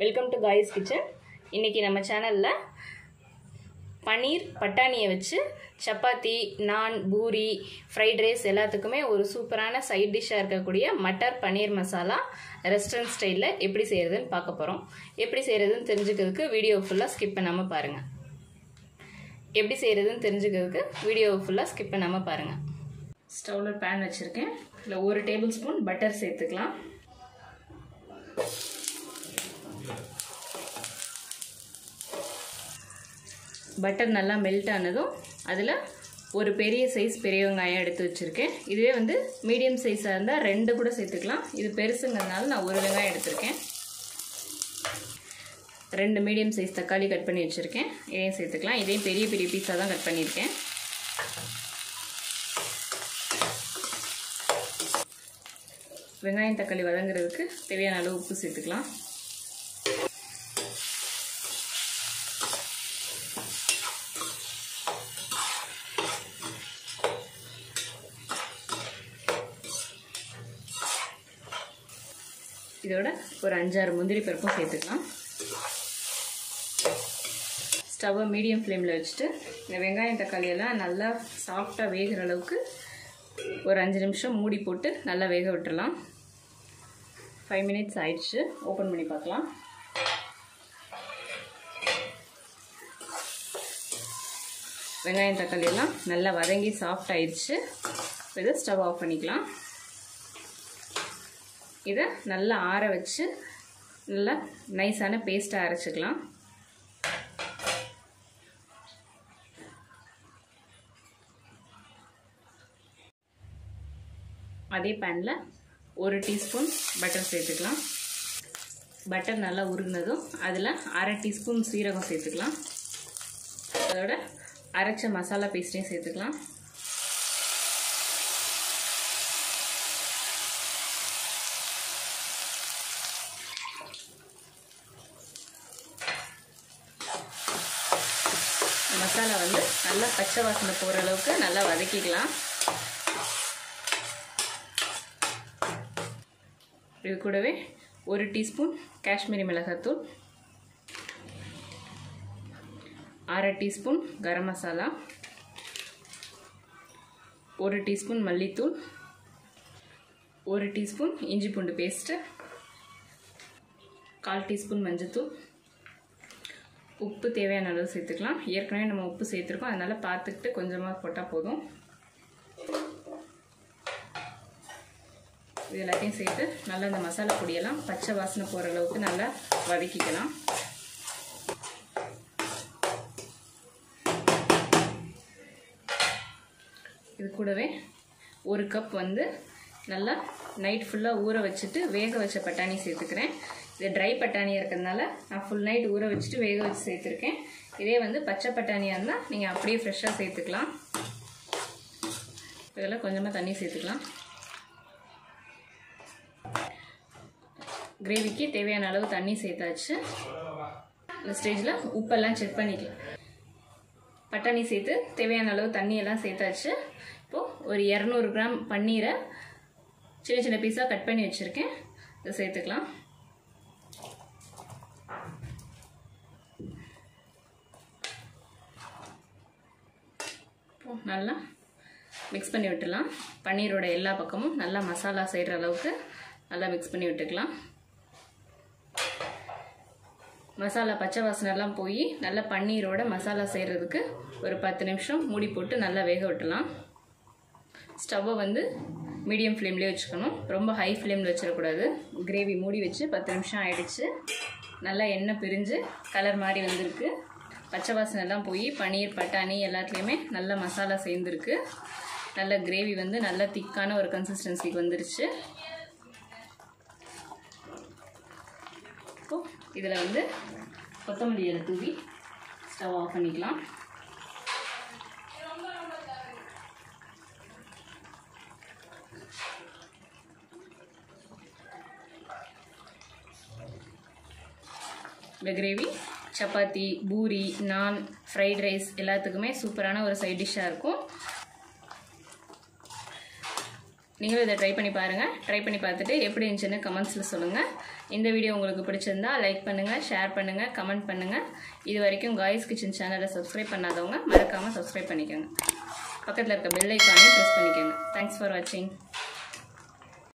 welcome to guys kitchen இன்றைக்கி நம்ம சேனலில் பன்னீர் பட்டாணியை வச்சு சப்பாத்தி நான் பூரி ஃப்ரைட் ரைஸ் எல்லாத்துக்குமே ஒரு சூப்பரான சைட் டிஷ்ஷாக இருக்கக்கூடிய மட்டர் பன்னீர் மசாலா ரெஸ்டரண்ட் ஸ்டைலில் எப்படி செய்கிறதுன்னு பார்க்க போகிறோம் எப்படி செய்கிறதுன்னு தெரிஞ்சுக்கிறதுக்கு வீடியோ ஃபுல்லாக ஸ்கிப் பண்ணாமல் பாருங்கள் எப்படி செய்கிறதுன்னு தெரிஞ்சுக்கிறதுக்கு வீடியோ ஃபுல்லாக ஸ்கிப் பண்ணாமல் பாருங்கள் ஸ்டவ்வில் பேன் வச்சுருக்கேன் இல்லை ஒரு டேபிள் ஸ்பூன் பட்டர் சேர்த்துக்கலாம் பட்டர் நல்லா மெல்ட் ஆனதும் அதில் ஒரு பெரிய சைஸ் பெரிய வெங்காயம் எடுத்து வச்சுருக்கேன் இதுவே வந்து மீடியம் சைஸாக இருந்தால் ரெண்டு கூட சேர்த்துக்கலாம் இது பெருசுங்கிறதுனால நான் ஒரு வெங்காயம் எடுத்திருக்கேன் ரெண்டு மீடியம் சைஸ் தக்காளி கட் பண்ணி வச்சுருக்கேன் இதையும் சேர்த்துக்கலாம் இதையும் பெரிய பெரிய பீஸாக தான் கட் பண்ணியிருக்கேன் வெங்காயம் தக்காளி வதங்குறதுக்கு தேவையான அளவு உப்பு சேர்த்துக்கலாம் இதோட ஒரு அஞ்சாறு முந்திரி பருப்பும் சேர்த்துக்கலாம் ஸ்டவ்வை மீடியம் ஃப்ளேமில் வச்சுட்டு இந்த வெங்காயம் தக்காளியெல்லாம் நல்லா சாஃப்டாக வேகிற அளவுக்கு ஒரு அஞ்சு நிமிஷம் மூடி போட்டு நல்லா வேக விட்டுடலாம் ஃபைவ் மினிட்ஸ் ஆயிடுச்சு ஓப்பன் பண்ணி பார்க்கலாம் வெங்காயம் தக்காளியெல்லாம் நல்லா வதங்கி சாஃப்ட் ஆயிடுச்சு இப்போ இதை ஸ்டவ் ஆஃப் பண்ணிக்கலாம் இதை நல்லா ஆற வச்சு நல்லா நைஸான பேஸ்ட்டாக அரைச்சிக்கலாம் அதே பேனில் ஒரு டீஸ்பூன் பட்டர் சேர்த்துக்கலாம் பட்டர் நல்லா உருந்ததும் அதில் அரை டீஸ்பூன் சீரகம் சேர்த்துக்கலாம் அதோட அரைச்ச மசாலா பேஸ்ட்டையும் சேர்த்துக்கலாம் மசாலா வந்து நல்லா பச்சை வாசனை போகிற அளவுக்கு நல்லா வதக்கிக்கலாம் இது கூடவே ஒரு டீஸ்பூன் காஷ்மீரி மிளகாத்தூள் அரை டீஸ்பூன் கரம் மசாலா ஒரு டீஸ்பூன் மல்லித்தூள் ஒரு டீஸ்பூன் இஞ்சி பூண்டு பேஸ்ட்டு கால் டீஸ்பூன் மஞ்சத்தூள் உப்பு தேவையான அளவு சேர்த்துக்கலாம் ஏற்கனவே நம்ம உப்பு சேர்த்துருக்கோம் அதனால் பார்த்துக்கிட்டு கொஞ்சமாக போட்டால் போதும் இது எல்லாத்தையும் சேர்த்து நல்லா இந்த மசாலா பொடியெல்லாம் பச்சை வாசனை போகிற அளவுக்கு நல்லா வதக்கிக்கலாம் இது கூடவே ஒரு கப் வந்து நல்லா நைட் ஃபுல்லாக ஊற வச்சுட்டு வேக வச்ச பட்டாணி சேர்த்துக்கிறேன் இது ட்ரை பட்டாணியாக இருக்கிறதுனால நான் ஃபுல் நைட் ஊற வச்சுட்டு வேக வச்சு சேர்த்துருக்கேன் இதே வந்து பச்சை பட்டாணியாக இருந்தால் நீங்கள் அப்படியே ஃப்ரெஷ்ஷாக சேர்த்துக்கலாம் இதெல்லாம் கொஞ்சமாக தண்ணி சேர்த்துக்கலாம் கிரேவிக்கு தேவையான அளவு தண்ணி சேர்த்தாச்சு இந்த ஸ்டேஜில் உப்பெல்லாம் செக் பண்ணிக்கலாம் பட்டாணி சேர்த்து தேவையான அளவு தண்ணியெல்லாம் சேர்த்தாச்சு இப்போது ஒரு இரநூறு கிராம் பன்னீரை சின்ன சின்ன பீஸாக கட் பண்ணி வச்சுருக்கேன் இதை சேர்த்துக்கலாம் நல்லா மிக்ஸ் பண்ணி விட்டுலாம் பன்னீரோட எல்லா பக்கமும் நல்லா மசாலா செய்கிற அளவுக்கு நல்லா மிக்ஸ் பண்ணி விட்டுக்கலாம் மசாலா பச்சை வாசனைலாம் போய் நல்லா பன்னீரோட மசாலா செய்கிறதுக்கு ஒரு பத்து நிமிஷம் மூடி போட்டு நல்லா வேக விட்டுலாம் ஸ்டவ்வை வந்து மீடியம் ஃப்ளேம்லேயே வச்சுக்கணும் ரொம்ப ஹை ஃப்ளேமில் வச்சிடக்கூடாது கிரேவி மூடி வச்சு பத்து நிமிஷம் ஆயிடுச்சு நல்லா எண்ணெய் பிரிஞ்சு கலர் மாதிரி வந்திருக்கு பச்சை வாசனைலாம் எல்லாம் போய் பன்னீர் பட்டாணி எல்லாத்துலேயுமே நல்ல மசாலா சேர்ந்துருக்கு நல்ல கிரேவி வந்து நல்ல திக்கான ஒரு கன்சிஸ்டன்சிக்கு வந்துருச்சு இப்போ இதில் வந்து கொத்தமல்லி இலை தூவி ஸ்டவ் ஆஃப் பண்ணிக்கலாம் இந்த கிரேவி சப்பாத்தி பூரி நான் ஃப்ரைட் ரைஸ் எல்லாத்துக்குமே சூப்பரான ஒரு சைட் டிஷ்ஷாக இருக்கும் நீங்களும் இதை ட்ரை பண்ணி பாருங்கள் ட்ரை பண்ணி பார்த்துட்டு எப்படி இருந்துச்சுன்னு கமெண்ட்ஸில் சொல்லுங்கள் இந்த வீடியோ உங்களுக்கு பிடிச்சிருந்தா லைக் பண்ணுங்கள் ஷேர் பண்ணுங்கள் கமெண்ட் பண்ணுங்கள் இது வரைக்கும் காய்ஸ் கிச்சன் சேனலை சப்ஸ்கிரைப் பண்ணாதவங்க மறக்காமல் சப்ஸ்கிரைப் பண்ணிக்கோங்க பக்கத்தில் இருக்க பெல்லைக்கானே ப்ரெஸ் பண்ணிக்கோங்க தேங்க்ஸ் ஃபார் வாட்சிங்